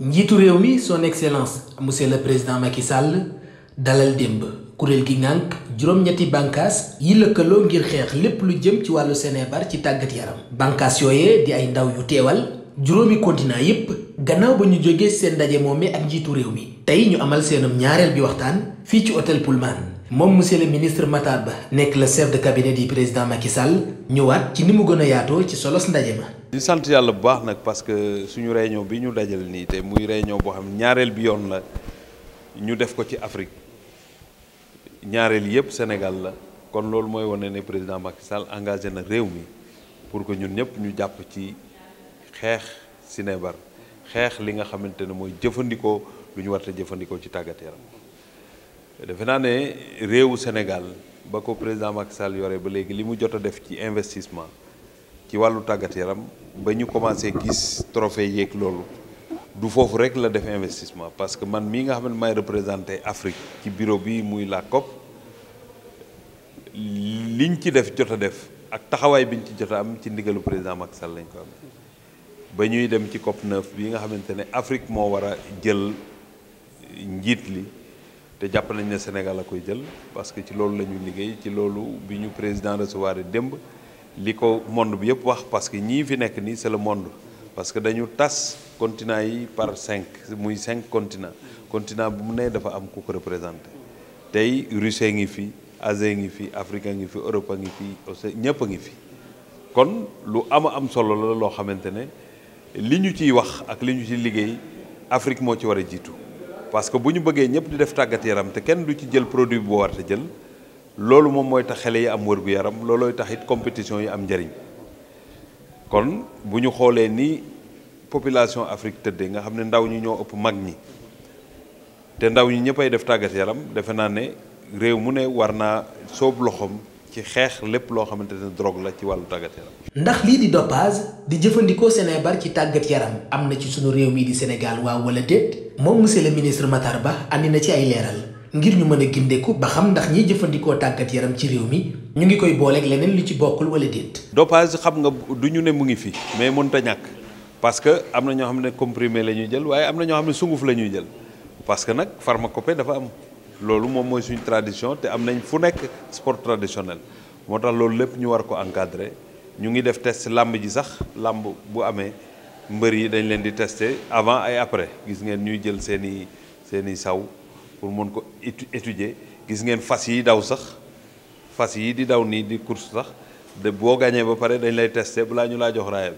njiitu réew mi son excellence monsieur le président Macky Sall dalal démb kuréel gi ngànk juróom-ñetti bànkaas yi lëkkaloo ngir xeex lépp lu jëm ci wàllu Sénébar ci tàggat yaram bankaas yooye di ay ndaw yu teewal juróomi continent yépp gannaaw ba ñu jógee seen ndaje moome ak njiitu réew mi tey ñu amal seenum ñaareel bi waxtaan fii ci hôtel Pullman mom monsieur le ministre Matar Ba nekk le chef de cabinet du président Macky Sall ñëwaat ci nimu gëna gën ci solos ndaje ma. di sante yalla bu baax nak parce que suñu réunion bi ñu dajal ni te muy réunion bo xam ñaareel bi yoon la ñu def ko ci Afrique ñaareel yépp Sénégal la kon lool moy woné né président Macky Sall engagé na réew mi pour que ñun ñëpp ñu japp ci xex cinébar xex li nga xamante moy jëfëndiko lu ñu ci tàggat yaram defe naa ne réewu Sénégal ba ko président Macky yore ba léegi li mu jot a def ci investissement ci wàllu tàggat yaram ba ñu commencé gis trophée yeeg loolu du foofu rek la def investissement parce que man mii nga xam ne may représenté Afrique ci bureau bi muy la COP liñ ci def jot a def ak taxawaay biñ ci jot a am ci ndigalu président Macky Sall lañ ko am ba ñuy dem ci COP 9 bi nga xamante ne Afrique moo war a jël njiit li. te jàpp nañ ne Sénégal a koy jël parce que ci loolu la ñu liggéey ci loolu bi ñu président recevoir démb li ko monde bi yëpp wax parce que ñii fi nekk nii c'est le monde parce que dañu tas continent yi par cinq muy cinq continent continent bu mu nee dafa am ku ko représenté tey Russie ngi fi Asie ngi fi Afrique ngi fi Europe ngi fi aussi ñëpp a ngi fi kon lu ama am solo la loo xamante ne li ñu ciy wax ak li ñu ci liggéey Afrique moo ci war a jiitu parce que bu ñu bëggee ñëpp di def tàggat yaram te kenn du ci jël produit boo war jël loolu moom mooy tax xele yi am wër gu yaram loolooy tax it compétition yi am njëriñ kon bu ñu xoolee ni population Afrique tëddee nga xam ne ndaw ñi ñoo ëpp mag ñi te ndaw ñi ñëppay def tàggat yaram defe naa ne réew mu ne war naa soob loxoom ci xeex lépp loo xamante ne drogue la ci wàllu tàggat yaram. ndax lii di dopage di jëfandikoo Sénébar ci tàggat yaram am na ci sunu réew mii di Sénégal waaw wala déet moom monsieur le ministre Matar Ba andi na ci ay leeral. ngir ñu mën a gindeeku ba xam ndax ñiy jëfandikoo tàggat yaram ci réew mi ñu ngi koy booleeg leneen lu ci bokkul wala déet. dopage xam nga du ñu ne mu ngi fi mais mënut a ñàkk parce que am na ñoo xam ne comprimé la ñuy jël waaye am na ñoo xam ne sunguf la ñuy jël am. loolu mom moy suñu tradition té am nañ fu nek sport traditionnel motax tax lepp ñu war ko encadrer ñu ngi def test lamb ji sax lamb bu amé mbeur yi dañ leen di tester avant et après gis ngeen ñuy jël seen i saw pour mën ko étudier gis ngeen fas yi daw sax fas yi di daw ni di course sax de bo gañee ba paré dañ lay tester balaa ñu la jox raaya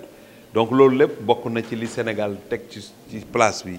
donc loolu lepp bokku na ci li Sénégal tek ci ci place bi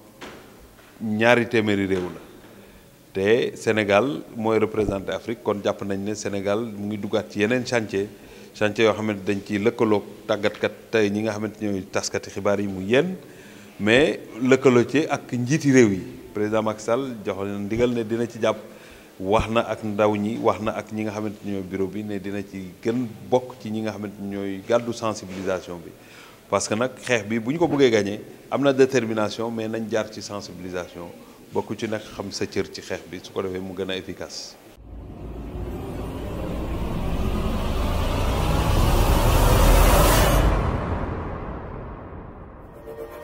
ñaari téméri réew la té sénégal moy représenter afrique kon japp nañ né sénégal mu ngi duggat ci yenen chantier chantier yo xamné dañ ci lekkolo tagat kat tay ñi nga xamné ñoy taskati xibaar yi mu yenn mais lekkolo ci ak njiti réew yi président Macky Sall joxal na ndigal né dina ci japp waxna ak ndaw ñi waxna ak ñi nga xamné ñoy bureau bi né dina ci gën bok ci ñi nga xamné ñoy gaddu sensibilisation bi parce que nag xeex bi buñ ko bëggé gagné amna détermination mais nañ jaar ci sensibilisation bokku ci nak xam sa cër ci xex bi su ko defee mu gëna a efficace.